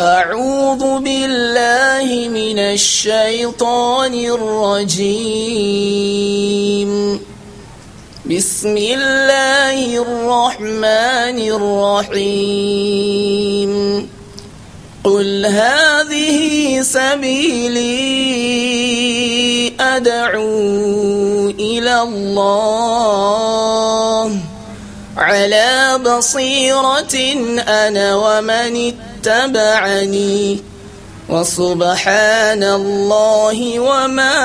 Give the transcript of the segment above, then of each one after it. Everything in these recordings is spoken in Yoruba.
أعوذ بالله من الشيطان الرجيم بسم الله الرحمن الرحيم قل هذه سبيلي أدعو إلى الله على بصيرة أنا ومن اتبعني اتبعني وسبحان الله وما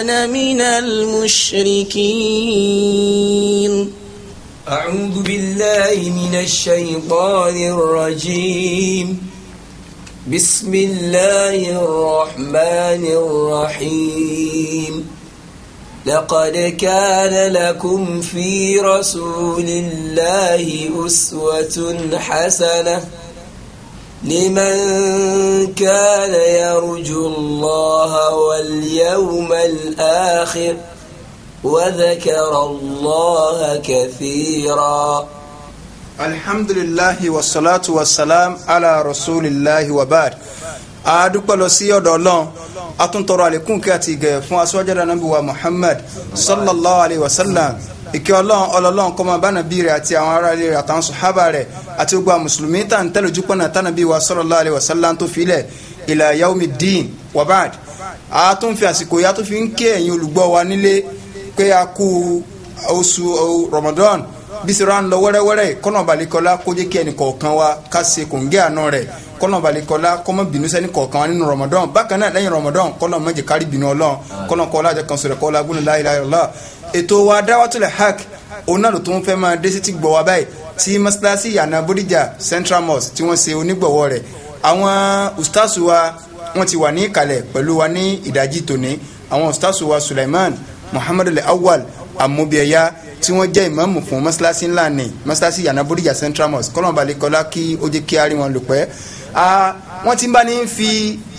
أنا من المشركين أعوذ بالله من الشيطان الرجيم بسم الله الرحمن الرحيم لقد كان لكم في رسول الله أسوة حسنة لمن كان يرجو الله واليوم الآخر وذكر الله كثيرا الحمد لله والصلاة والسلام على رسول الله وبعد أدوك لسيو دولون atúntọrọ àlékún kí àti ìgẹ̀ fún aṣọ́jà dáná bí wa Muhammad sallallahu alayhi wa sallam ìkẹ́ ọlọ́run ọlọ́run kó máa bá nàbí rẹ̀ àti àwọn ará ilé rẹ̀ àtàwọn sòhábà rẹ̀ àti gbogbo mùsùlùmí tá ń tẹ́lẹ̀ ojú pọ̀nà tánàbí wa sallallahu alayhi wa sallam tó filẹ̀ ila yaumi din wabad. ba'd a tún fi àsìkò yá tó fi ń kí ẹ̀yin olùgbọ́ wa nílé pé a kú oṣù Ramadan bísirà ń lọ wẹ́rẹ́wẹ́rẹ́ kọ́nà balikọ́lá kó jẹ́ kí ẹnì kọ̀ọ̀kan wa ká ṣe kòǹgẹ́ àná rẹ̀ kọ́nà balikọ́lá kọ́mọ bínú sẹ́ni kọ̀ọ̀kan wa nínú rọmọdọ́n bákan náà lẹ́yìn rọmọdọ́n kọ́nà má jẹ́ kárí bínú ọlọ́run kọ́nà jẹ́ kan sọ̀rọ̀ kọ́lá gbọ́dọ̀ la ilaha illallah ètò wa dáwàtúlẹ̀ hak òun náà ló tó ń fẹ́ máa dé sí ti gbọ̀ wá báyìí tí mọ́sálásí yànnà central mosque tí wọ́n ṣe onígbọ̀wọ́ rẹ̀ àwọn ustaasu wa wọ́n ti wà ní ìkàlẹ̀ pẹ̀lú wa ní Awal amobiyaya tí wọ́n jẹ́ ìmáàmù fún mọ́ṣáláṣí ńlá ni mọ́ṣáláṣí yàrá bóríjà central mosque kọ́lọ́n balẹ̀kọ́lá kí ó jẹ́ kí a rí wọn lò pẹ́. wọ́n ti bá ní fi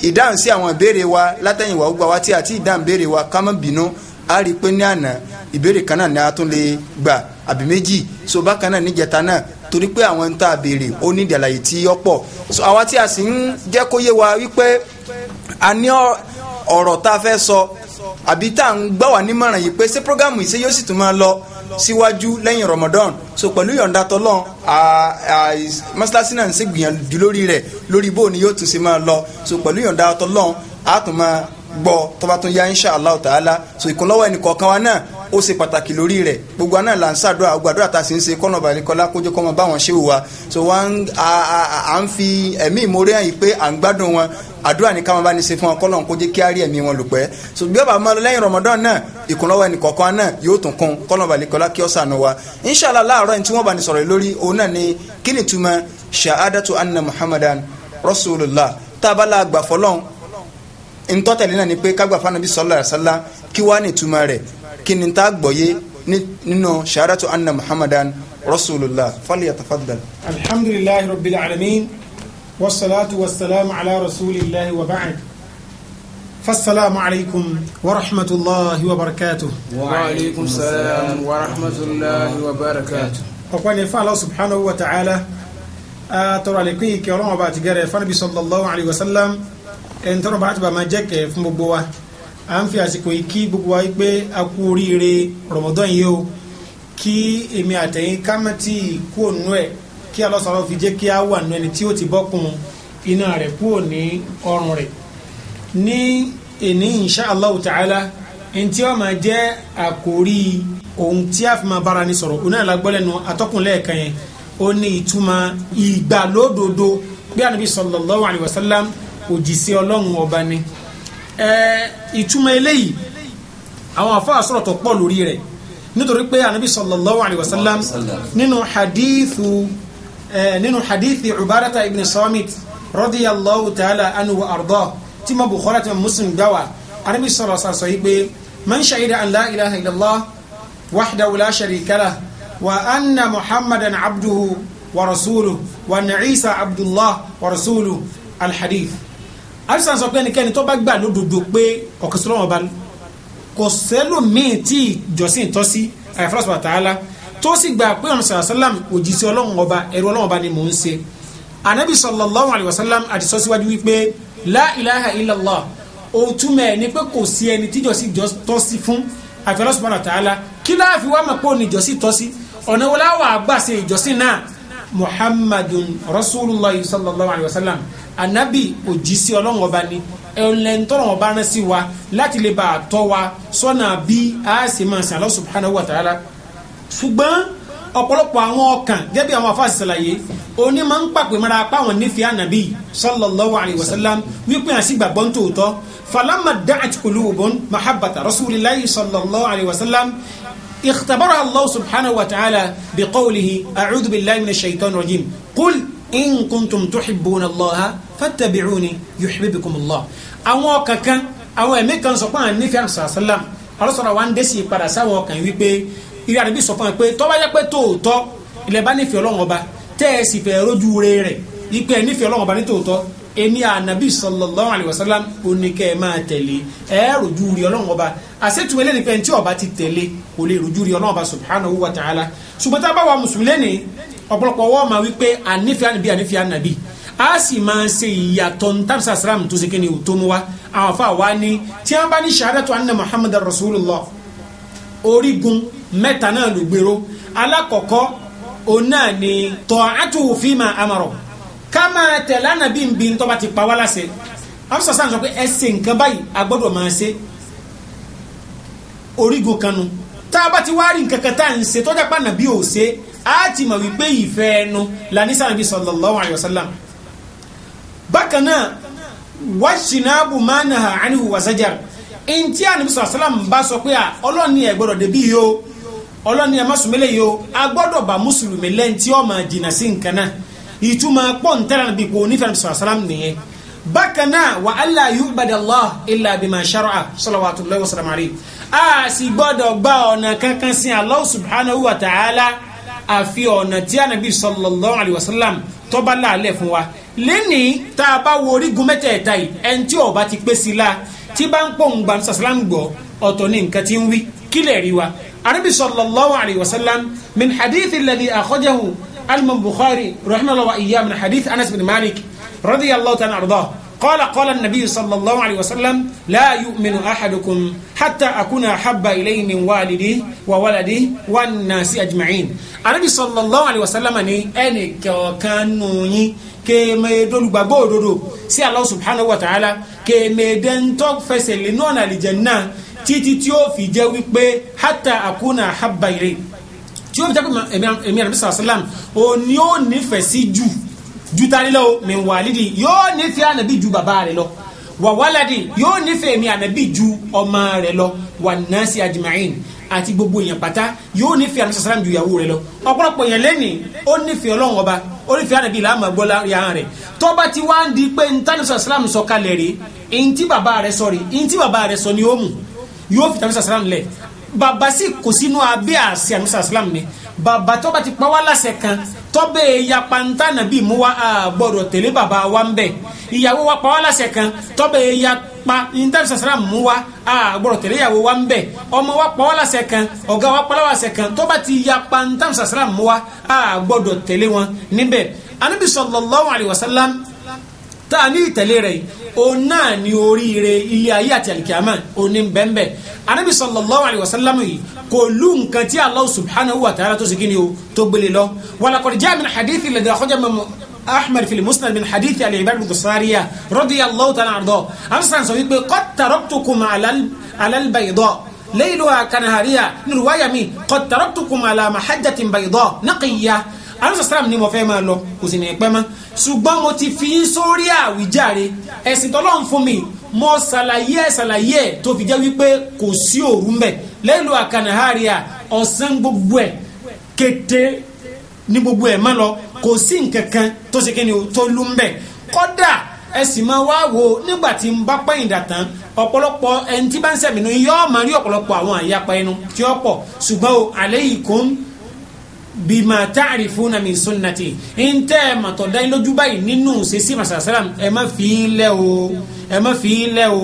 ìdáhùn sí àwọn ìbéèrè wa látẹ̀yìnwá ó gbà wá tí àti ìdáhùn béèrè wa ká má bínú a rí i pé ní àná ìbéèrè kan náà ni a tún lè gbà àbí méjì so bákan náà níjẹta náà torí pé àwọn ń tá béèrè ó ní ìdàlàyé tí ó pọ̀ so àwa tí a sì ń jẹ́ kó yé wa wípé a ní ọ̀rọ̀ tá fẹ́ sọ àbí tá à ń gbà wá nímọ̀ràn yìí pé ṣé programu yìí ṣe yóò sì tún máa lọ síwájú lẹ́yìn Ramadan so pẹ̀lú yọ̀ǹda tọ́lọ́n mọ́ṣáláṣí náà ń ṣe gbìyànjú lórí rẹ̀ lórí bó ni yóò tún ṣe máa lọ so pẹ̀lú yọ̀ǹda tọ́lọ́n á tún máa gbọ́ tó bá tún yá insha Allah ta'ala so ìkúnlọ́wọ́ ẹnì kọ̀ọ̀kan wa náà ó ṣe pàtàkì lórí rẹ̀ gbogbo àná là ń ṣàdúrà gbàdúrà tá a sì ń ṣe kọ́nà balikọ́lá kójú kọ́ mọ báwọn ṣe wà so wọ́n à ń fi ẹ̀mí ìmoore hàn yìí pé à ń gbádùn wọn àdúrà ní káwọn bá ní ṣe fún wọn kọ́lọ́n kó kí á rí ẹ̀mí wọn lùpẹ́ so bí ọba máa lọ lẹ́yìn Ramadan náà ìkúnlọ́wọ́ ẹnì kọ̀ọ̀kan náà yóò tún kún kọ́lọ́n balikọ́lá kí ó ṣàánú wa inshallah láàárọ̀ ní tí wọ́n bá ní sọ̀rọ̀ lórí òun náà ni kí ni túmọ̀ shahadatu anna muhammadan rasulullah tá a bá la gbà fọlọ́n ntọ́tẹ̀lẹ́ náà ni pé ká gbà fún anabi kí wàá ní túmọ̀ rẹ̀ kí ni tá a gbọ́yé nínú shahadatu anna muhammadan rasulullah falyatafaddal. alhamdulilayi rabbil alamin wasalaatu wasalaamu ala rasulillahi wa ba'd. فالسلام عليكم ورحمة الله وبركاته وعليكم السلام ورحمة الله وبركاته أقول نفع الله سبحانه وتعالى ترى لكي كرام باتجارة فنبي صلى الله عليه وسلم إن ترى بعد ما جك في مبوه à ń fi àsìkò yìí kí gbogbo wa pé a kú oríire rọ̀mọ́dọ́ yìí o kí èmi àtẹ̀yìn kámẹ́tì kú ònú ẹ̀ kí alọ́sọ̀rọ̀ fi jẹ́ kí a wà nù ẹni tí ó ti bọ́kùn iná rẹ̀ kú òní ọrùn rẹ̀ ní èní insha Allah ta'ala ẹni tí ó máa jẹ́ àkórí ohun tí a fi máa bára ní sọ̀rọ̀ oní àlágbọ́lẹ́nu atọ́kùnlẹ̀ kan yẹn ó ní ìtumọ̀ ìgbàlódodo bí Ànábì sallallahu alaihi wasallam òjìṣẹ́ Ọlọ́run ọba ni ìtumọ̀ eléyìí àwọn àfáà sọ̀rọ̀ tó pọ̀ lórí rẹ̀ nítorí pé anabi sallallahu alayhi wa sallam nínú hadithu nínú hadithi ubarata ibn samit radiyallahu ta'ala anhu wa arda tí ma bukhari àti muslim gbà wá anabi sọ̀rọ̀ sàṣọ yìí pé man shahida an la ilaha illallah wahdahu la sharika lah wa anna muhammadan abduhu wa rasuluhu wa anna isa abdullah wa rasuluhu alhadith àrísàn sọ pé ẹnikẹ́ni tó bá gbà lódodo pé ọ̀kan sí lọ́wọ́ ọba kò sẹ́lòmíì tí ìjọsìn tọ́ sí àyàfọ́lọ́sọ̀ àtàlá tó sì gbà pé ọ̀nà sàlám òjìṣẹ́ ọlọ́run ọba ẹ̀rù ọlọ́run ọba ni mò ń ṣe anabi sallallahu alayhi wa sallam àti sọ síwájú wípé la ilaha illallah òtúmọ̀ ẹ̀ ni pé kò sí ẹni tíjọsìn tọ́ sí fún àyàfọ́lọ́sọ̀ àtàlá kí láàfin wàá mọ̀ pé òní ìjọsìn tọ́ sí ọ̀nà wo láwàá gbà ṣe ìjọsìn náà muhammadun rasulillah sallallahu alayhi wa sallam anabi òjísí ọlọ́run ọba ni ẹlẹ́ntọ́rọ̀ ọba rán sí wa láti lè bá a tọ́ wa sọ́nà bí a sì máa sàn Allah subhanahu wa ta'ala ṣùgbọ́n ọ̀pọ̀lọpọ̀ àwọn ọkàn gẹ́gẹ́ àwọn afáàsì ṣàlàyé oní máa ń pàpè mọ́ra apá wọn nífẹ̀ẹ́ anabi sallallahu alayhi wa sallam wípé àti gbàgbọ́ tòótọ́ falamma da'at qulubun mahabbata rasulillahi sallallahu alayhi wa sallam اختبرها الله سبحانه وتعالى بقوله أعوذ بالله من الشيطان الرجيم قل إن كنتم تحبون الله فاتبعوني يحببكم الله àwọn ọkàn kan àwọn ẹ̀mí kan sọ pé àwọn nífẹ̀ẹ́ àṣà sálám ọlọ́sọ̀rọ̀ wa ń dé sí ìpadà sáwọn ọkàn wípé ìrì àdébí sọ fún ẹ pé tó bá jẹ́ pé tòótọ́ ilẹ̀ bá nífẹ̀ẹ́ ọlọ́run ọba tẹ́ ẹ sì fẹ́ rójú rẹ̀ rẹ̀ wípé ẹ nífẹ̀ẹ́ ọlọ́run ọba ní tòótọ́ èmi anabi sallallahu alayhi wa sallam oníkẹ́ ẹ máa tẹ̀lé ẹ rojú rí ọlọ́run ọba àṣetúmọ̀ lẹ́nu pé tí ọba ti tẹ̀lé kò lè rojú rí ọlọ́run ọba subhanahu wa ta'ala ṣùgbọ́n tá a bá wa mùsùlùmí ní ọ̀pọ̀lọpọ̀ wọ́n máa wípé ànífẹ́ ànábì ànífẹ́ ànábì a sì máa ṣe ìyàtọ̀ ntàbísà sàrám tó ṣe kí ni ò tó mu wa àwọn afa wa ni tí wọ́n bá ní shahadatu anna muhammad rasulullah orígun mẹ́ta náà ló gbèrò alákọ̀ọ́kọ́ òun fima amara kama máa tẹ̀lé ànábì ń ti pa wá láṣẹ afisa sáà sọ pé ẹ nǹkan báyìí kanu a ti wá rí tá à ń ṣe tọ́jà ti mọ̀ wípé ìfẹ́ ẹnu lanisa ànábì sallallahu alayhi wa sallam bákan náà wáṣínáàbù mánàhà ànihu wàsájà ntí ànábì sallallahu alayhi wa sallam bá sọ pé à ọlọ́ni ẹ̀ gbọ́dọ̀ yìí o ọlọ́ni ẹ̀ má yìí o a ìtumọ̀ pọ̀ ń tẹ́lẹ̀ bí kò nífẹ̀ẹ́ sọ̀rọ̀ sálám nìyẹn bákan náà wa alla yu'bada Allah illa bima shar'a salawatullahi wa sallam alayhi a sì gbọ́dọ̀ gba ọ̀nà kankan sí Allah subhanahu wa ta'ala àfi ọ̀nà tí ànábì sallallahu alayhi wa sallam tọ́ba láàlẹ̀ fún wa lẹ́ni tá a bá wo orígun mẹ́tẹ̀ẹ̀ta yìí ẹni tí ọba ti pé sí la tí bá ń pọ̀ ń gbà sàlám gbọ́ ọ̀tọ̀ ní nǹkan tí ń wí kílẹ̀ rí wa ànábì sallallahu alayhi wa sallam min hadith alladhi akhrajahu الإمام بخاري رحمه الله وإياه من حديث أنس بن مالك رضي الله تعالى أرضاه قال قال النبي صلى الله عليه وسلم لا يؤمن أحدكم حتى أكون أحب إليه من والدي وولدي والناس أجمعين النبي صلى الله عليه وسلم ni ẹnì kọ̀ọ̀kan nù yín kéèmé dolùgbàgbọ́ òdodo sí Allah subhanahu wa ta'ala kéèmé dẹ́ntọ́ fẹsẹ̀ lẹ́nu ọ̀nà àlìjẹ̀ náà títí tí ó fi jẹ́ wípé hatta akuna habba ilayhi tí ó fi jẹ́ pé ẹ̀mí àrùn bísí àṣàlám ò ní ó nífẹ̀ẹ́ sí jù ju tani lọ mi wàlídì yóò nífẹ̀ẹ́ ànàbí ju bàbá rẹ̀ lọ wà wàládì yóò nífẹ̀ẹ́ mi ànàbí ju ọmọ rẹ̀ lọ wà nàásì àjùmáyìn àti gbogbo èèyàn pátá yóò nífẹ̀ẹ́ ànàbí sàṣàlám ju ìyàwó rẹ̀ lọ ọ̀pọ̀lọpọ̀ èèyàn lẹ́nì ó nífẹ̀ẹ́ ọlọ́run ọba ó nífẹ̀ẹ́ ànàbí làámà gbọ́lá yàrá rẹ̀ tọ́ba ti wá ń di pé ntani sàṣàlám sọ kalẹ̀ rè ntí bàbá rẹ̀ sọ rè ntí bàbá rẹ̀ sọ ni ó mú yóò fi tàbí sàṣàlám lẹ̀ bàbá sì kò sínú abẹ́ àṣẹ àmì sàlám ni bàbá tó bá ti pa wá láṣẹ kan tọ́bẹ̀ ya pantá nàbí mú wa gbọ́dọ̀ tẹ̀lé bàbá wa ń bẹ̀ ìyàwó wa pa wá láṣẹ kan tọ́bẹ̀ ya pa nítorí sàlám mú wa gbọ́dọ̀ tẹ̀lé ìyàwó wa ń bẹ̀ ọmọ wa pa wá láṣẹ kan ọ̀gá wa pa wá láṣẹ kan tó bá ti ya pantá sàlám mú wa gbọ́dọ̀ tẹ̀lé wọn níbẹ̀ anábì alayhi alaihi wasallam tá a ní ìtẹ̀lé rẹ̀ yìí òun náà ni oríire ilé ayé àti alikiyama òní bẹ́ẹ̀nbẹ́ẹ̀ anabi sallallahu alayhi wa sallam yìí kò lu nǹkan tí Allah subhanahu wa ta'ala tó segin ni o tó gbélé lọ walakọ̀dì jẹ́ àmì hadithi lè dàkọ́ jẹ́ mọ́mọ́ ahmed fili musnad min hadithi al-ibad bin sariya radiyallahu ta'ala anhu àwọn sọ wípé qad taraktukum alalbayda layluha kanahariya wáyà mi qad taraktukum ala mahajjatin aláṣọ sàrám ni mo fẹ́ máa lọ kò sì ní pẹ́ mọ́ ṣùgbọ́n mo ti fi ń sórí àwíjàre ẹ̀sìn tọ́lọ́run fún mi mo ṣàlàyé ẹ̀ ṣàlàyé ẹ̀ tó fi jẹ́ wípé kò sí òru mbẹ̀ lẹ́lu àkànnáhàríà ọ̀sán gbogbo ẹ̀ kété ní gbogbo ẹ̀ má lọ kò sí nǹkan kan tó ṣe kí ni o tó lú mbẹ̀ kódà ẹ sì máa wá wo nígbà tí n bá pẹ́yìn dà ọ̀pọ̀lọpọ̀ ẹni tí bá ń sẹ̀mí nu yọ́ọ́ máa rí ọ̀pọ̀lọpọ̀ àwọn àyapa ẹnu tí ó pọ̀ ṣùgbọ́n o alaykum bima ta'rifuna min sunnati n tẹ́ ẹ màtọ̀ dáyé lójú báyìí nínú sẹ́sì masasalam ẹ má fi í lẹ́ o ẹ má fi í lẹ́ o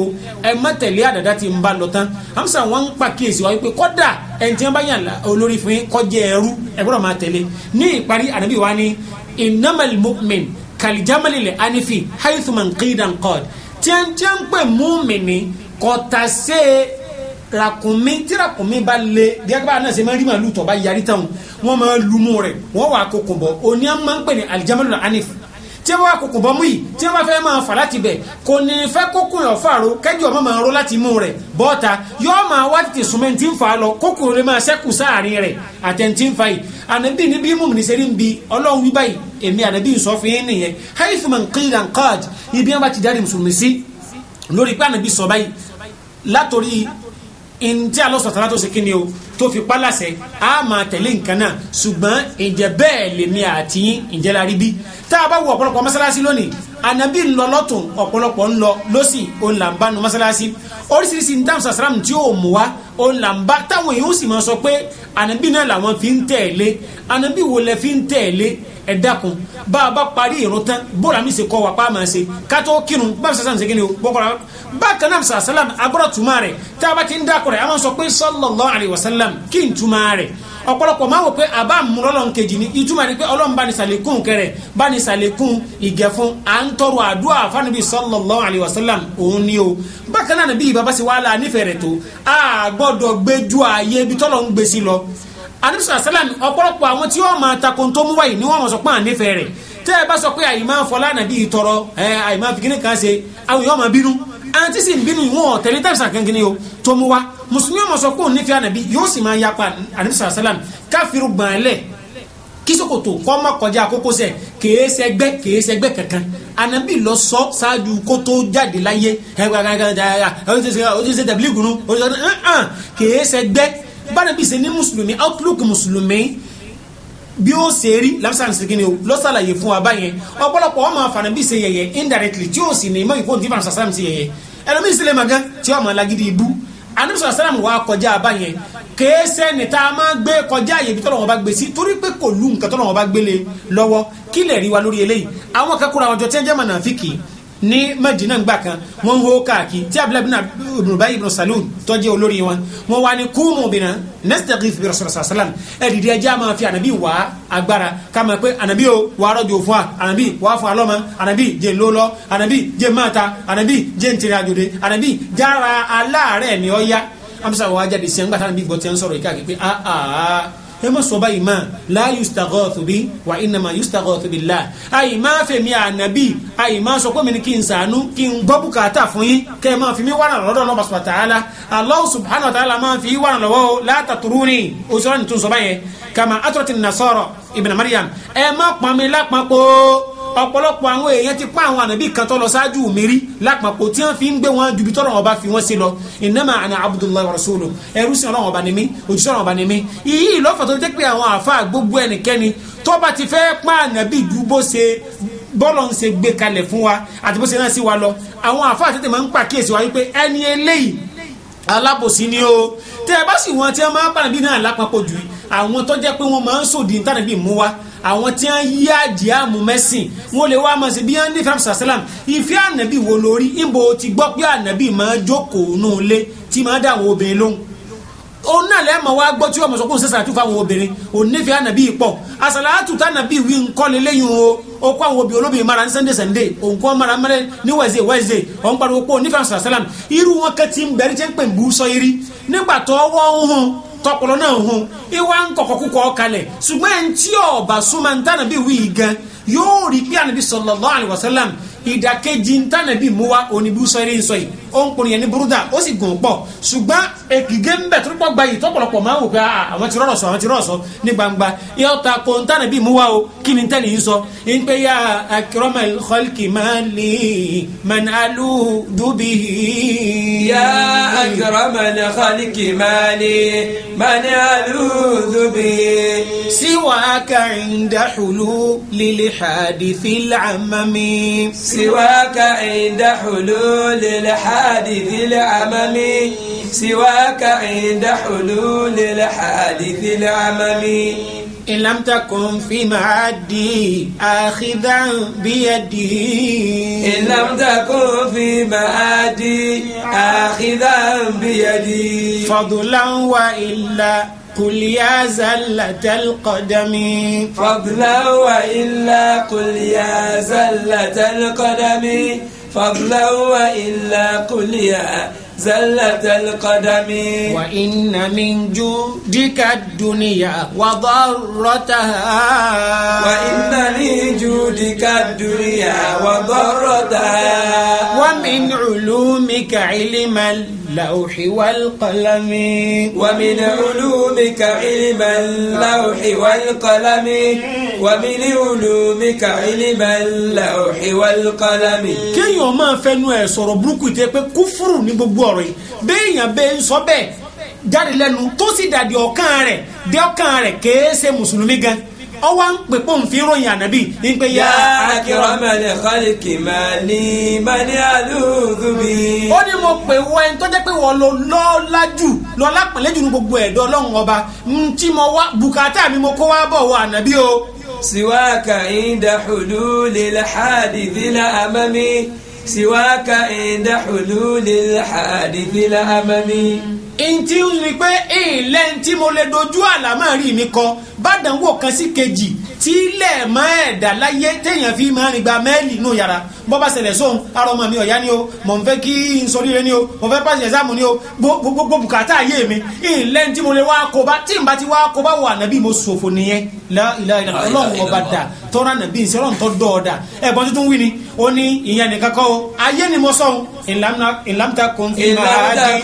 ẹ má tẹ̀lé àdàdà tí ń bá lọ tán hamsa wọn ń pa kíyèsí wa wípé kọ́dà ẹni tí wọn bá yàn olórí fún yín kọjá ẹrú ẹ gbọ́dọ̀ máa tẹ̀lé ní ìparí ànábì wa ni innamal mu'min kàlìjámàlì lẹ̀ anifi haythu man qidan qad tiẹ̀ ń tiẹ̀ ń pè mú mi ràkúnmí tí ràkúnmí bá le gẹ́gbà náà ṣe máa rí màálù tó bá yarí táwọn wọ́n máa lumú rẹ̀ wọ́n wà kókùn bọ̀ òní à máa ń pè ní alijamalu na anif tí wọ́n wà kókùn bọ̀ mú yìí tí wọ́n bá fẹ́ máa fà láti bẹ̀ kò ní fẹ́ kókùn yọ̀ fàrọ̀ kẹ́jọ ọmọ máa rọ láti mú rẹ̀ bọ́ta yóò máa wá tètè sùnmẹ́ntì ń fà á lọ kókùn rẹ̀ máa sáàrin rẹ̀ àtẹ̀ntì fa yìí ànàbí níbi mú ní sẹ́rí ń bi ọlọ́run wí báyìí èmi ànàbí sọ fún yín nìyẹn haifu man qila ibi wọn bá ti dárí mùsùlùmí sí lórí pé ànàbí sọ báyìí látòrí ntí alọ́sọ̀tàlá tó ṣe kí o tó fi pálàṣẹ a máa tẹ̀lé nǹkan náà ṣùgbọ́n ǹjẹ́ bẹ́ẹ̀ lèmi àti yín ǹjẹ́ la rí bí tá a bá wo ọ̀pọ̀lọpọ̀ mọ́sálásí lónìí ànábì ń lọ lọ́tún ọ̀pọ̀lọpọ̀ ń lọ lọ́sì òun là ń bá nu mọ́sálásí wa òun táwọn èèyàn sì máa sọ pé ànábì náà làwọn fi ń tẹ̀lé ànábì wo lẹ fi ń tẹ̀lé ẹ dákun bá a bá parí ìrún tán bóra mi ṣe kọ́ wa pa á máa ṣe ká tó kírun bá a sàn sàn ṣègínní o bọ́kọ̀rọ̀ bákan náà sàn agbọ́dọ̀ tuma rẹ̀ tá a bá ti ń dákun rẹ̀ a máa sọ pé sallallahu alayhi wa sallam kí n tuma rẹ̀ ọ̀pọ̀lọpọ̀ máa wò pé àbá múlọ́lọ́n kejì ni ìtumọ̀ ni pé ọlọ́run bá ní sàlékún kẹrẹ̀ bá ní sàlékún ìgẹ̀fún à ń tọrọ àdúrà fánibi sallallahu alayhi wa sallam òun ni o bákan náà nàbí ìbábá sí wàhálà nífẹ̀ẹ́ rẹ̀ tó a gbọ́dọ̀ gbẹ́jú ààyè ibi tọ́lọ́ ń gbèsè lọ anisa salam ọ̀pọ̀lọpọ̀ àwọn tí wọ́n máa takò tó mú wáyé ni wọ́n mọ̀ sọ pé à nífẹ̀ẹ́ rẹ̀ tẹ́ ẹ bá sọ pé àyè máa fọlá nàbí ìtọrọ ẹ àyè máa fi kíní kan ṣe àwọn èèyàn máa bínú àǹtí sì ń bínú ìwọ̀n tẹ̀lé tẹ̀sán kankan ni o tó mú wa mùsùlùmí ọmọ sọ pé òun nífẹ̀ẹ́ ànàbí yóò sì máa yapa anisa salam káfíru gbọ̀nlẹ̀ kísòkòtò kọ́mọ kọjá kókósẹ̀ kèésẹgbẹ́ kèésẹgbẹ́ kankan anabi lọ sọ ṣáájú kó tó jáde láyé ẹ gbàgbàgbà ọdún ṣe tẹ̀bílì gùnú ọdún ṣe bánàbí ṣe ní mùsùlùmí outlook mùsùlùmí bí ó ṣe rí lamsan sikini o lọ́sàlàyé fún wa báyẹn ọ̀pọ̀lọpọ̀ ọmọ àfànàbí ṣe yẹyẹ indirectly tí ó sì ní ìmọ̀ ìkóhùn tí fàǹsà sàlámù ṣe yẹyẹ ẹlòmíì sílẹ̀ màgán tí ó mọ̀ lágídí ibú anamisa sàlámù wa kọjá báyẹn kèésẹ́ ni tá a máa gbé kọjá àyè bí tọ́lọ́wọ́n bá gbé sí torí pé kò lù nǹkan tọ́lọ́wọ́n bá gbélé lọ́wọ́ kílẹ̀ rí wa lórí eléyìí àwọn kakura àwọn jọ ní Madina ngbà kan wọn ń hó káàkiri tí abdulayi ibn Ubay ibn Salul tó jẹ́ olórí wọn wọn wá ní kúmù bìnnà nastaghith bi rasulillah sallam ẹ̀dìdì ẹja máa fi ànàbí wá agbára ká máa pé ànàbí o wàá rọ̀jò fún wa ànàbí wàá fún alọ́mọ ànàbí jẹ́ lólọ́ ànàbí jẹ́ máta ànàbí jẹ́ ntìrì àjòdè ànàbí jára aláàárẹ̀ ni ọ ya amusa wàá jáde sí tánàbí gbọ́ ẹ mọ̀ sọ́ba yìí máa la yustaghathu bi wa innama yustaghathu billah àyè máa fèmí ànábì àyè máa sọ pé mi ni kí n sànú kí n gbọ́ bùkátà fún yín kẹ́ ẹ máa fi mí wàrà lọ́dọ̀ lọ́ba subhanahu wa ta'ala Allah subhanahu wa ta'ala máa fi wàrà lọ́wọ́ o la tatruni òṣèlú ni tún sọ́ba yẹn kama atrat an-nasara ibn ẹ má pàmí lápapọ̀ ọ̀pọ̀lọpọ̀ àwọn èèyàn ti pa àwọn ànábì kan tó lọ ṣáájú mi rí lápapọ̀ tí wọ́n fi ń gbé wọn ju bí tọ́lọ̀ wọn bá fi wọ́n sí lọ innama ana abdullahi wa rasuluhu ẹrú sí ọlọ́wọ́n ọba ni mí òjíṣẹ́ ọlọ́wọ́n ọba ni mí iyì ìlọ́fà tó jẹ́ pé àwọn àfa gbogbo ẹnikẹ́ni tó bá ti fẹ́ pa ànábì ju bó ṣe bọ́ọ̀lù ń ṣe gbé kalẹ̀ fún wa àti bó ṣe náà sí wa lọ àwọn àfa àtẹ̀tẹ̀ máa ń pàkíyèsí wa wípé ẹni eléyìí alábòsí ni o tẹ ẹ bá sì wọn tí ẹ máa bá nàbí náà lápapọ̀ jù àwọn tó pé wọ́n máa ń sòdì ní tànàbí mú wa àwọn tí wọ́n yí àdìẹ àmúmẹ́sìn wọ́n lè wá mọ̀ sí bí wọ́n ní fẹ́ràn sàlám ìfẹ́ ànàbì wo lórí ìbò ti gbọ́ pé ànàbì máa jókòó nù lé tí máa dà àwọn obìnrin lóhùn òun náà lẹ́ẹ̀mọ̀ wá gbọ́ tí wọ́n mọ̀ sọ pé òun sẹ́sàtú fáwọn obìnrin òun nífẹ̀ẹ́ ànàbì pọ̀ àsàlátù tànàbì wí nkọ́lé lẹ́yìn o ó kó àwọn obìnrin olóbìnrin mara ní sunday sunday òun kó mara mẹ́rẹ́ ní wednesday wednesday òun pariwo pé òun nífẹ̀ẹ́ àṣàṣàlám irú wọn kẹ́ ti ń bẹ̀rẹ̀ tọpọlọ náà hun ìwà ń kọ̀kọ́ kúkọ́ kalẹ̀ ṣùgbọ́n ẹ̀ ń tí ọ̀bà súnmọ́ ntánàbí wíì gan yóò rí pé ànàbí sallallahu alaihi wasallam ìdàkejì ntànàbí muwa oníbùsọ̀rẹ́ ń sọ yìí ó ń pinnu yẹn ní burúdà ó sì gùn pọ̀ ṣùgbọ́n èkìgé ń bẹ̀ torípọ̀ gba yìí tọ́pọ̀lọpọ̀ máa wò pé ah, ah, àwọn ti rọ̀rọ̀ sọ àwọn ti rọ̀rọ̀ sọ ní gbangba yóò ta ko ntànàbí muwa o kí ni ntẹ́ni yìí sọ ń pẹ́ yà akramal khalqi mali man alu dubi. yà akramal khalqi mali man alu dubi. siwaka inda hululil hadithil amami. سواك عند حلول الحادث العممي سواك عند حلول الحادث العممي إن لم تكن في معدي آخذا بيدي إن لم تكن في معدي آخذا بيدي فضلا وإلا قل يا زلة القدم فضلا وإلا قل يا زلة القدم فضلا وإلا قل يا زلة القدم وإن من جودك الدنيا وضرتها وإن من جودك الدنيا وضرتها ومن علومك علم اللوح والقلم ومن علومك علم اللوح والقلم ومن علومك علم اللوح والقلم kéèyàn máa fẹnu ẹ̀ sọ̀rọ̀ burúkú tẹ pé kúfúrú ní gbogbo ọ̀rọ̀ yìí béèyàn bẹ́ẹ̀ ń sọ bẹ́ẹ̀ jáde lẹ́nu tó sì dàdí ọ̀kan rẹ̀ dé ọ̀kan rẹ̀ kèé ṣe mùsùlùmí gan ọwọ́ ń pè pọ́n fi ròyìn ànábì ní pé yá. akramal khalqi mà ní mani alùpùpì. ó ní mo pè wọ ẹni tó jẹ́ pé wọ́n lọ lọ́ọ́lá jù lọ́ọ́lá pẹ̀lẹ́jù ní gbogbo ẹ̀dọ́ ọlọ́run ọba ntí mo wá bùkátà mi mo kó wá bọ̀ wọ ànábì o. siwaka inda hululil hadithi la amami siwaka inda hululil hadithil amami. ntí ni pé èèlẹ́ ntí mo lè dojú àlámọ́ rí mi kọ bá dànwó kan sí kejì tílẹ̀ mọ́ ẹ̀dá láyé téèyàn fi máa ń gba mẹ́ẹ̀lì inú yàrá bọ́ ṣẹlẹ̀ sóhun ara ọmọ mi ọ̀yá ni o mọ̀ n fẹ́ kí n sọ líle ni o mọ̀ fẹ́ pàṣẹ ẹ̀sáàmù ni o gbogbo bùkátà ayé mi ìlẹ́ tí mo lè wá kó bá tí n bá ti wá kó bá wà nàbí mo ṣòfò nìyẹn ọlọ́run ọba dà tọ́ra nàbí ìṣẹ́ ọlọ́run tọ́ dọ̀ ọ̀dà ẹ̀bọ́n tuntun wí ni ó ní ìyẹn nìkan kọ́ o ayé ni mo sọ̀hún ìlàmta kún fi máa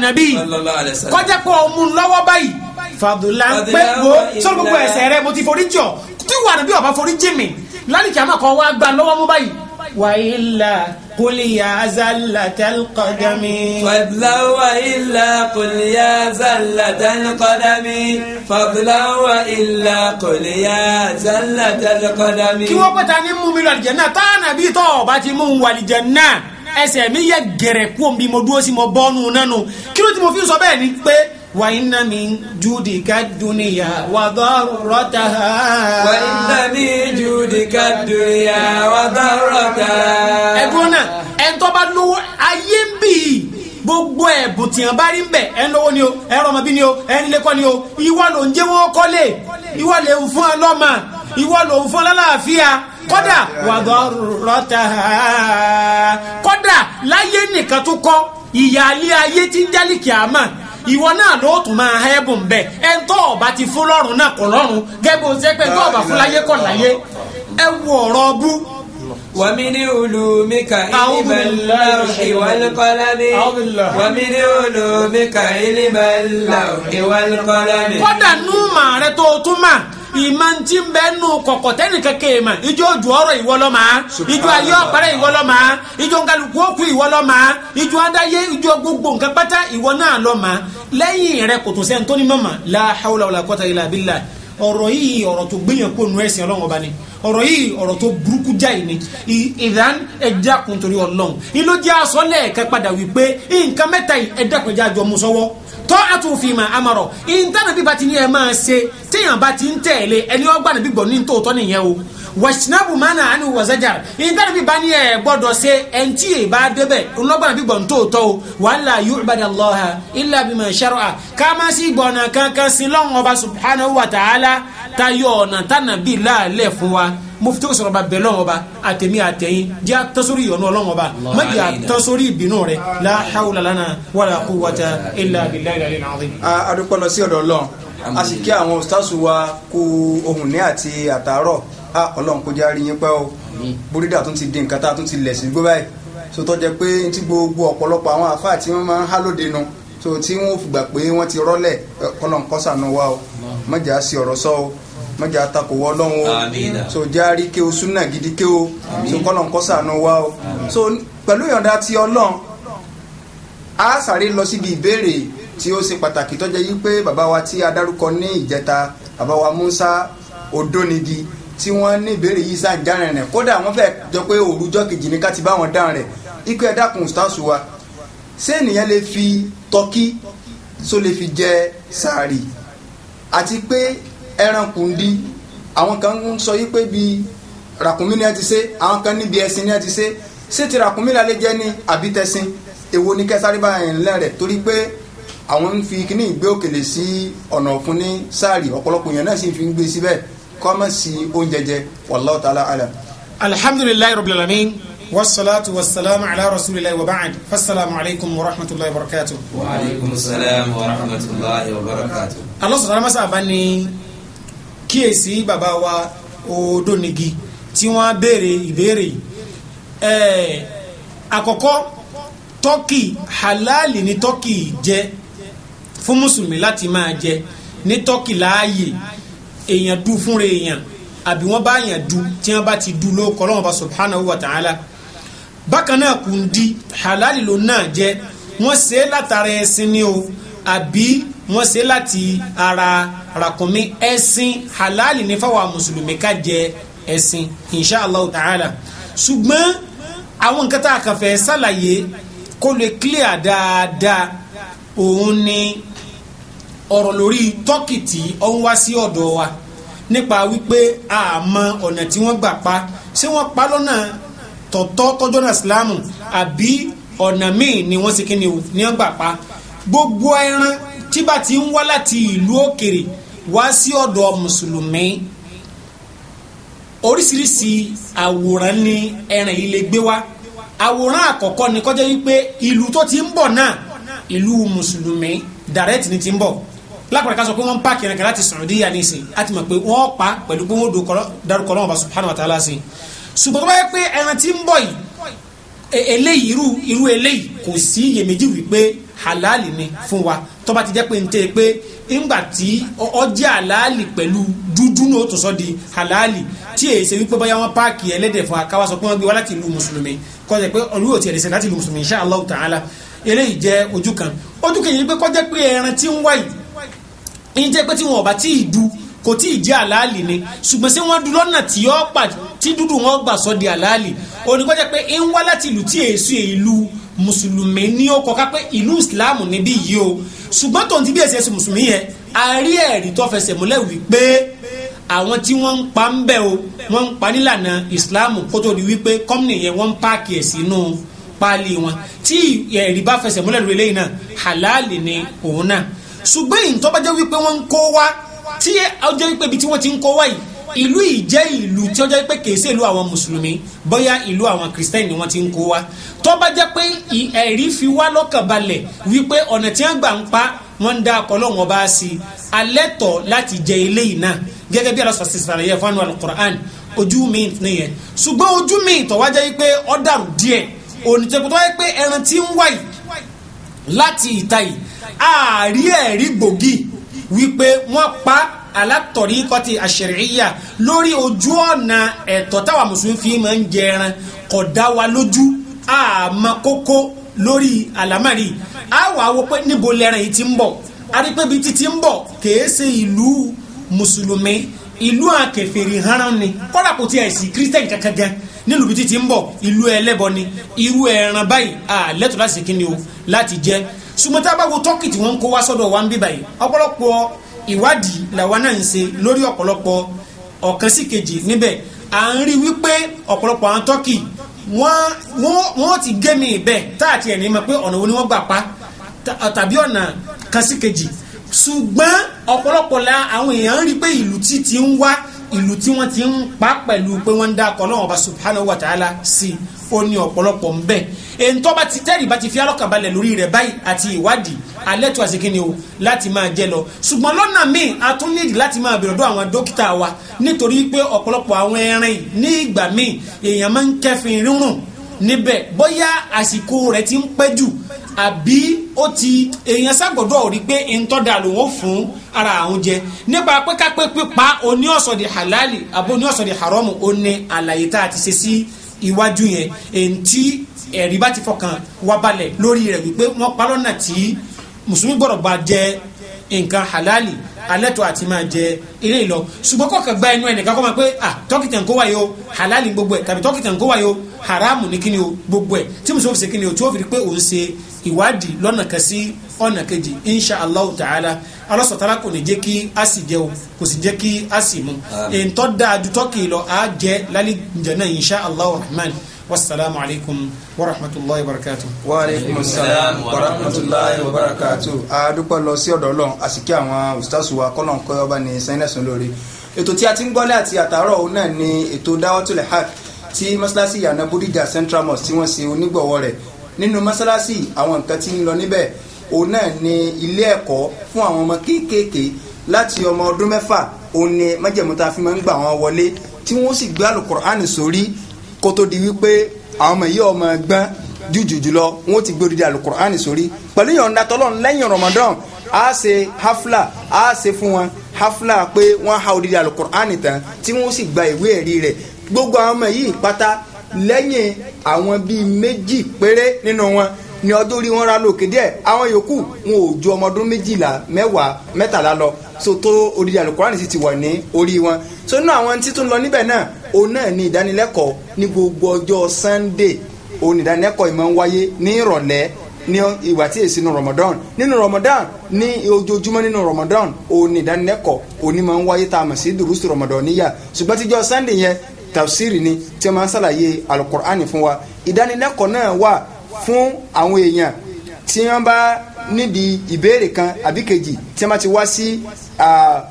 ànábì kọjá pé ọmú lọ́wọ́ báyìí fàdùlà ń pẹ́ wo sọ gbogbo ẹ̀ṣẹ̀ rẹ mo ti forí jọ tí wà níbí ọba forí jì mí lálẹ́ kí a máa kọ́ wá gbà lọ́wọ́ mú báyìí. wàhálà kùlìyà zàlàtàl kọ́dàmì. fàdùlà wàhálà kùlìyà zàlàtàl kọ́dàmì. fàdùlà wàhálà kùlìyà zàlàtàl kọ́dàmì. kí wọ́n pẹ̀ta ní mú mi lọ àlìjẹ́ náà táwọn àbí tọ́ ọba ese mi yẹ gẹ̀rẹ̀ kú omi mo dúró sí mo bọ́nu nánu kí ló ti mo fi sọ bẹ́ẹ̀ ni pé wà iná mi júdì ká dúníyà wà dọ́rọ̀ ta ha. wà iná mi júdì ká dúníyà wà dọ́rọ̀ ta ha. ẹ̀gbọ́n náà ẹni lówó ayé ń bì í gbogbo ẹ̀bùn tí wọ́n bá rí ń bẹ̀ ẹ̀ ń lówó ni o ẹ̀ ń rọmọ bí ni o ẹ̀ ń lékọ́ ni o ìwọ ló ń jẹ́wọ́ kọ́lé ìwọ lè ń fún ọ lọ́mọ ìwọ ló ń fún ọ lálàáfíà kódà wà dọ́rọ̀ ta ha. ẹnìkan tó kọ́ ìyáálé ayé tí ń jálì kìámà ìwọ náà ló tún máa hẹ́bùn bẹ́ẹ̀ ẹ tó ọba ti fún lọ́rùn náà kọ̀ lọ́rùn gẹ́gbẹ́ o ṣe pé tó ọba fún láyé kọ̀ láyé ẹ wọ ọ̀rọ̀ bú. wàmíní olùmíkà ìlímọ̀láwùkì wàlúkọ́lámi wàmíní olùmíkà ìlímọ̀láwùkì wàlúkọ́lámi. kọ́dà nù màrẹ́ tó tún mà ìmọ̀ntì ń bẹ́ẹ̀ nù kọ̀kọ̀ tẹ́nì kékeré mà ijó ojú ọ̀rọ̀ ìwọlọ́mà ijó ayé ọ̀pẹ̀rẹ̀ ìwọlọ́mà ijó nkálukú òkú ìwọlọ́mà ijó adáyé ijó gbogbo nǹkan pátá ìwọ náà lọ́mà lẹ́yìn rẹ kò tó tó ní mọ̀mà la hawla wala quwwata illa billah ọ̀rọ̀ yìí ọ̀rọ̀ tó gbéyàn kó nu ẹ̀sìn ọlọ́run ọba ni ọ̀rọ̀ yìí ọ̀rọ̀ tó burúkú jáì ni ìdán ẹja kun torí ọlọ́run ìlú jẹ́ aṣọ lẹ́ẹ̀kẹ́ padà wípé nǹkan mẹ́ta yìí ẹ̀dá kan jẹ́ àjọ mú sọ́wọ́ tọ́ àtúnfìmọ̀ àmọ̀rọ̀ ìntànàbí bá ti ní ẹ máa ṣe téèyàn bá ti ń tẹ̀lé ẹni ọgbà níbi gbọ̀ ní tòótọ́ nìyẹn o wàsínábù mánà àni wàsájà nígbà níbi bá ní ẹ gbọ́dọ̀ ṣe ẹn tí èyí bá débẹ̀ ọlọ́gbà níbi gbọ̀ ní tòótọ́ o wàhálà yu'badu Allaha illa bima shar'a ká má sí gbọ̀nà kankan sí lọ́wọ́n ọba subhanahu wa ta'ala tayọ ọ̀nà tànàbí láàlẹ̀ fún wa mufti sọrọba bẹẹ lọn ọba atẹmi atẹyin diya tasori yọnu ọlọn ọba maja tasori binu rẹ̀ la hawla lana wala quwwata illa billahi al-azim. a adukọlọsi ọdọ lọn a sì kí àwọn ustaasu wa kú ohun ní àti àtàárọ̀ a ọlọ́run kó járí yín pẹ́ o búrídà tún ti di nǹkan tá a tún ti lẹ̀ sí gbó báyìí so tó jẹ́ pé tí gbogbo ọ̀pọ̀lọpọ̀ àwọn àfáà tí wọ́n máa ń há lóde nu so tí wọ́n gbà pé wọ́n ti rọ́lẹ̀ ọlọ́run kó ṣàánú wa o mọ̀jà sí ọ̀rọ̀ sọ o mọ̀jà takò wọ́ ọlọ́run o so járí ké o súnà gidi ké o so kọ́lọ́run kó ṣàánú wa o so pẹ̀lú ìyọ̀ǹda ti ọlọ́run a sáré lọ síbi ìbéèrè tí ó ṣe pàtàkì tó jẹ́ yí pé bàbá wa tí a dárúkọ ní ìjẹta bàbá wa Musa Odonigi tí wọ́n ní ìbéèrè yìí sàǹjárin rẹ̀ kódà wọ́n fẹ́ jọ pé òrùjọ́ kejì ní ká ti bá wọn dáhùn rẹ̀ ikú ẹ̀ dákun ṣáṣù wa ṣé ènìyàn lè fi tọ́kí só lè fi jẹ sàárì àti pé ẹran kùndí àwọn kan ń sọ yí pé bíi ràkúnmí ni a ti ṣe àwọn kan níbi ẹṣin ni a ti ṣe ṣé ti ràkúnmí la lè ní àbí èwo ni kẹsàrí bá yẹn lẹ́rẹ̀ torí pé àwọn ń fi kíní ìgbé òkèlè sí ọ̀nà fún ní sáàrì ọ̀pọ̀lọpọ̀ èèyàn náà sì fi ń gbé síbẹ̀ kọ́ sí oúnjẹ jẹ wallahu ta'ala alam. alhamdulilayi wa alamin wa wasalaamu ala rasulilayi wa ba'd fasalaamu alaykum wa rahmatulahi wa barakatu. wa aleykum salaam wa rahmatulahi wa barakatu. alonso alamasa abani kíyèsí baba wa odonigi tí wọ́n béèrè ìbéèrè ẹ̀ẹ́ àkọ́kọ́ tọ́kì halali ni tọ́kì jẹ́ fún mùsùlùmí láti máa jẹ ní tọ́kì láàyè èèyàn du fúnra èèyàn àbí wọ́n bá èèyàn du tí wọ́n bá ti du ló kọ́ bá subhanahu wa ta'ala bákan náà kù ń di halali ló náà jẹ wọ́n ṣe é látara ẹṣin ni o àbí wọ́n ṣe láti ara ràkúnmí ẹṣin halali ní fáwọn mùsùlùmí ká jẹ ẹṣin insha allah ta'ala ṣùgbọ́n àwọn nǹkan tá a kàn fẹ́ ṣàlàyé kó lè clear dáadáa òun ni ọ̀rọ̀ lórí tọ́kì tí ó ń wá sí ọ̀dọ̀ wa nípa wípé a mọ ọ̀nà tí wọ́n gbà pa ṣé wọ́n pa lọ́nà tọ̀tọ́ tọ́jọ́ náà sílámù àbí ọ̀nà míì ni wọ́n ṣe kíni o ní wọ́n gbà pa gbogbo ẹran tí bá ti ń wá láti ìlú òkèrè wá sí ọ̀dọ̀ mùsùlùmí oríṣiríṣi àwòrán ni ẹran yìí lè gbé wá àwòrán àkọ́kọ́ ni kọjá wípé ìlú tó ti ń bọ̀ náà ìlú mùsùlùmí direct ni ti ń bọ̀ lápẹ̀rẹ̀ ká sọ pé wọ́n ń pààkì ẹ̀rẹ̀kẹ́ láti Saudiya ní ìsìn àti mọ̀ pé wọ́n pa pẹ̀lú pé wọ́n darúkọ lọ́wọ́ bá subhanahu wa ta'ala sí ṣùgbọ́n tó bá yẹ pé ẹran tí ń bọ̀ yìí e- eléyìí irú eléyìí kò sí iyèméjì wípé halali ni fún wa tó bá ti jẹ́ pé ń tẹ́ pé ńgbà tí ó halali pẹ̀lú dúdú náà tó sọ di halali tí èyí ṣe wípé bóyá wọ́n páàkì ẹlẹ́dẹ̀ fún akáwá sọ pé wọ́n gbé wá láti ìlú mùsùlùmí kọ́ ẹ pé olúwo ti ẹ̀rẹ̀sẹ̀ láti ìlú mùsùlùmí insha Allah ta'ala eléyìí jẹ́ ojú kan ojú kejì ni pé kọ́ pé ẹran tí ń wáyìí ìjẹ́ pé tí wọn ọba tí ì du kò tí ì jẹ́ àlàálì ni ṣùgbọ́n sí wọ́n du lọ́nà tí yọ́ pa tí dúdú wọn gbà sọ di àlàálì onígbọ́jẹ́ pé ń wá láti ìlú tí èsù ìlú mùsùlùmí ní ó kọ́ká pé ìlú ìsìláàmù níbí yìí o ṣùgbọ́n tòun ti bí èsì ẹ̀sìn mùsùlùmí yẹn a rí ẹ̀rí tó fẹsẹ̀ múlẹ̀ wípé àwọn tí wọ́n ń pa ń bẹ̀ o wọ́n ń pa nílànà ìsìláàmù kó tó di wípé kọ́mìnì yẹn wọ́n ń páàkì ẹ̀ sínú páálí wọn tí ẹ̀rí bá fẹsẹ̀ múlẹ̀ lórí eléyìí náà halali ni òun náà ṣùgbọ́n ìyìn tó bá jẹ́ wípé wọ́n ń kó wá tí ó jẹ́ wípé ibi tí wọ́n ti ń kó wá yìí ìlú yìí jẹ́ ìlú tí ó jẹ́ pé kèé sí ìlú àwọn mùsùlùmí bóyá ìlú àwọn kìrìsìtẹ́nì ni wọ́n ti ń kó wa tó bá jẹ́ pé ẹ̀rí fi wá lọ́kàn balẹ̀ wípé ọ̀nà tí wọ́n gbà ń pa wọ́n ń dá ọkọ̀ lọ́wọ́ bá a sí i alẹ́ tọ̀ láti jẹ eléyìí náà gẹ́gẹ́ bí alásùwàsí sàrẹ̀ yẹ àwọn Qur'an ojú mi nìyẹn ṣùgbọ́n ojú mi tọ̀ wá jẹ́ pé ó dàrú díẹ̀ òní tẹ́kùtọ́ láti ìta yìí ààrí ẹ̀rí gbòógì wípé wọ́n pa alátọ̀rí kọ́tì àṣẹ̀ríyà lórí ojú ọ̀nà ẹ̀tọ́ táwa mùsùlùmí fi máa ń jẹran kò dá wa lójú àmọ́ kókó lórí àlámàrí àwa wo pé níbo lẹ́rìn yìí ti ń bọ̀ a rí pé bíi títí ń bọ̀ kèé ìlú mùsùlùmí ìlú àkèfèrè hánrán ni kọ́dà kò tiẹ̀ sí kírísítẹ́nì kankan gan nílùú bíi títí ń bọ̀ ìlú ẹlẹ́bọ ni irú ẹran báyìí àlẹ́tọ̀ láti ṣe kíni o láti jẹ ṣùgbọ́n tá a bá wo tọ́kì tí wọ́n ń kó wá sọ́dọ̀ wa ń bí báyìí ọ̀pọ̀lọpọ̀ ìwádìí làwa náà ń ṣe lórí ọ̀pọ̀lọpọ̀ ọ̀kan sí kejì níbẹ̀ à ń rí wípé ọ̀pọ̀lọpọ̀ àwọn tọ́kì wọ́n ti gé mi ìbẹ̀ tá àti ẹ̀ ní ni wọ́n gbà pa tàbí ọ̀nà kan sí ṣùgbọ́n ọ̀pọ̀lọpọ̀ la àwọn èèyàn rí pé ìlú tí ti ń wá ìlú tí wọ́n ti ń pa pẹ̀lú pé wọ́n ń dá akọ náà ọba subhanahu wa ta'ala sí i ó ní ọ̀pọ̀lọpọ̀ ń bẹ̀. èntọ́ bá ti tẹ́rì bá ti fi alọ́kàbalẹ̀ lórí rẹ̀ báyìí àti ìwádìí alẹ́ tó àṣekí ni o láti máa jẹ lọ. ṣùgbọ́n lọ́nà míì a tún nídìí láti máa bèrè ọ̀dọ̀ àwọn dókítà wa nítorí pé ọ̀pọ̀lọpọ̀ àwọn ẹran ní ìgbà míì èèyàn máa ń kẹ́fìn rírùn níbẹ̀ bóyá àsìkò rẹ̀ ti ń pẹ́ jù àbí ó ti èèyàn ságbọ́dọ̀ rí pé ntọ́da ló ń fún ara àwọn jẹ nípa pẹ́kápẹ́ pípa oní ọ̀sọ̀dì halali àbí oní ọ̀sọ̀dì haramu ó ní àlàyé tá a ti ṣe sí iwájú yẹn èyí tí ẹ̀rí bá ti fọkàn wá balẹ̀ lórí rẹ̀ wípé wọ́n pa lọ́nà tí mùsùlùmí gbọ́dọ̀ bá jẹ́ nǹkan halali alẹ́tọ̀ àti máa jẹ ilé ìlọ ṣùgbọ́n kọ̀ọ̀kan gba ẹnu ẹnìkan kọ́ máa pé ah tọ́kìtà ń kó wáyé o halali gbogbo ẹ̀ tàbí tọ́kìtà ń kó wáyé o haramu ní kíni o gbogbo ẹ̀ tí mo sọ fi ṣe kíni o tí ó fi rí pé òun ṣe ìwádìí lọ́nà kan sí ọ̀nà kejì insha allah ta'ala alọ́sọ̀tara kò ní jẹ́ kí a sì jẹ o kò sì jẹ́ kí a sì mu èntọ́ dáa ju lọ àá jẹ lálẹ́ jẹ náà insha allah rahman. والسلام عليكم ورحمة الله وبركاته وعليكم السلام ورحمة الله وبركاته adúpẹ́ lọ sí ọ̀dọ̀ Ọlọ́run àsìkí àwọn ustaasu wa kọlọn kọyọ bá ní sẹyìnẹsùn lórí ètò tí a ti ń gbọ́ ní àti àtàárọ̀ òun náà ni ètò dáwọ́tulẹ̀ haq tí mọ́ṣáláṣí ìyànà Bódìjà Central Mosque tí wọ́n ṣe onígbọ̀wọ́ rẹ̀ nínú mọ́ṣáláṣí àwọn nǹkan tí ń lọ níbẹ̀ òun náà ni ilé ẹ̀kọ́ fún àwọn ọmọ kéékèèké láti ọmọ ọdún mẹ́fà òun ni májẹ̀mú fi máa ń gbà wọn wọlé tí wọ́n sì gbé àlùkùránì sórí kó tó di wípé àwọn ọmọ yìí ọmọ gbọ́n jújù jùlọ wọn ó ti gbé odidi alukur'ani sórí pẹ̀lú yọ̀ǹda tọ́lọ́run lẹ́yìn Ramadan a ṣe hafla a ṣe fún wọn hafla pé wọ́n ha odidi alukur'ani tán tí wọ́n sì gba ìwé ẹ̀rí rẹ̀ gbogbo àwọn ọmọ yìí pátá lẹ́yìn àwọn bíi méjì péré nínú wọn ni ọdún orí wọn ra lókè díẹ̀ àwọn yòókù wọn ò ju ọmọ méjìlá mẹ́wàá mẹ́tàlá lọ so tó odidi alukurani sì ti wà ní orí wọn so nínú àwọn títún lọ níbẹ̀ náà òun náà ní ìdánilẹ́kọ̀ọ́ ní gbogbo ọjọ́ Sunday òun ìdánilẹ́kọ̀ọ́ ìmọ̀ ń wáyé ní ìrọ̀lẹ́ ní ìgbà tí èsì nínú Ramadan nínú Ramadan ní ojoojúmọ́ nínú Ramadan òun ìdánilẹ́kọ̀ọ́ òní máa ń wáyé tá a mọ̀ sí dùrúsù Ramadan níyà ṣùgbọ́n tíjọ́ Sunday yẹn tafsiri ni tí wọ́n máa ń ṣàlàyé alukur'ani fún wa ìdánilẹ́kọ̀ọ́ náà wà fún àwọn èèyàn tí wọ́n bá níbi ìbéèrè kan àbí kejì tí wọ́n ti wá sí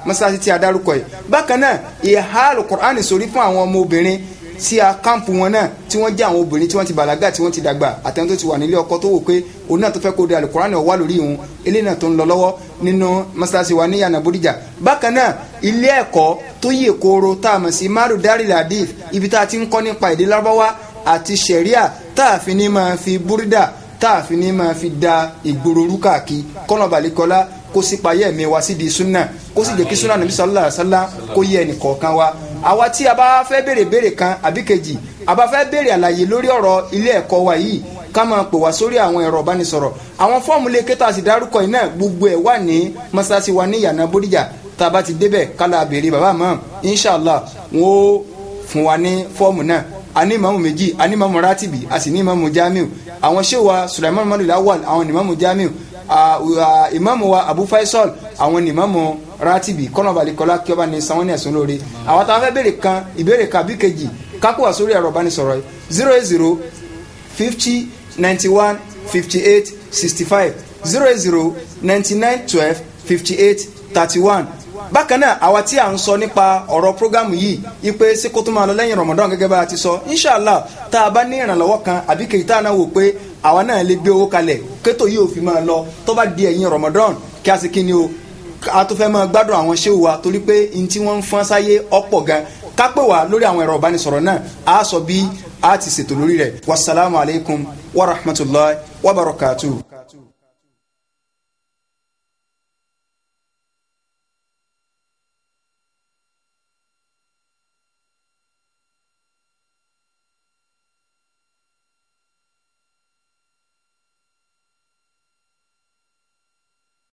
mọ́sálásí tí a dárúkọ yìí bákan náà ìhà alukur'an sórí fún àwọn ọmọ obìnrin tí a káàmpù wọn náà tí wọ́n jẹ́ àwọn obìnrin tí wọ́n ti bàlágà tí wọ́n ti dàgbà àtẹnudó ti wà nílé ọkọ tó wò pé òun náà tó fẹ́ kó de alukur'an wà lórí òun eléyìí náà tó ń lọ lọ́wọ́ nínú mọ́sálásí wa ní yànnà bódìjà bákan náà ilé ẹ̀kọ́ tó yè kooro tá a mọ̀ sí maru daril hadith ibi tá a ti ń kọ́ nípa èdè àti sẹ̀ríà tá a fi ní máa fi búrídà táàfin ní máa fi da ìgboro orú káàkiri kọ́nàbàlíkọ́lá kó sì payẹ́ mi wá sídi súnà kó sì jẹ́ kí súnà nàbí sàlá sàlá kó yẹ ẹnì wa àwa tí a bá fẹ́ béèrè béèrè kan àbí kejì a bá fẹ́ béèrè àlàyé lórí ọ̀rọ̀ ilé ẹ̀kọ́ wa yìí ká máa pè wá sórí àwọn ẹ̀rọ ìbánisọ̀rọ̀ àwọn fọ́ọ̀mù lè kéta àti dárúkọ iná gbogbo ẹ̀ wà ní mọ́sáàsì wa ní Ani ní ìmáàmù Ani a ní ìmáàmù ratibi a sì ní jamiu àwọn ṣé wa sulaiman madu awal àwọn ní ìmáàmù jamiu Imamu wa abu faisal àwọn ní ìmáàmù ratibi kọ́nà balikọ́lá kí ọba ní sanwó ní ẹ̀sùn lóore àwọn táwọn fẹ́ béèrè kan ìbéèrè kan bí kejì kákó wà sórí ẹ̀rọ ìbánisọ̀rọ̀ yìí zero eight zero fifty ninety one fifty eight sixty five zero eight zero ninety nine twelve fifty eight thirty one bákan náà àwa tí à ń sọ nípa ọ̀rọ̀ prógámù yìí ipe ṣé tó máa lọ lẹ́yìn Ramadan gẹ́gẹ́ bá a ti sọ inshàlá tá a bá ní ìrànlọ́wọ́ kan àbí kèyí tá a náà wò pé àwa náà lè gbé owó kalẹ̀ kétò yìí ò fi máa lọ tó bá di ẹ̀yìn Ramadan kí a sì kí ni o a tó fẹ́ máa gbádùn àwọn ṣéwù wa torí pé n tí wọ́n ń fọ́n sáyé ọ̀pọ̀ gan ká pè wá lórí àwọn ẹ̀rọ ìbánisọ̀rọ̀ náà a sọ bí a ti ṣètò lórí rẹ̀ wasalaamualeykum wa rahmatulahi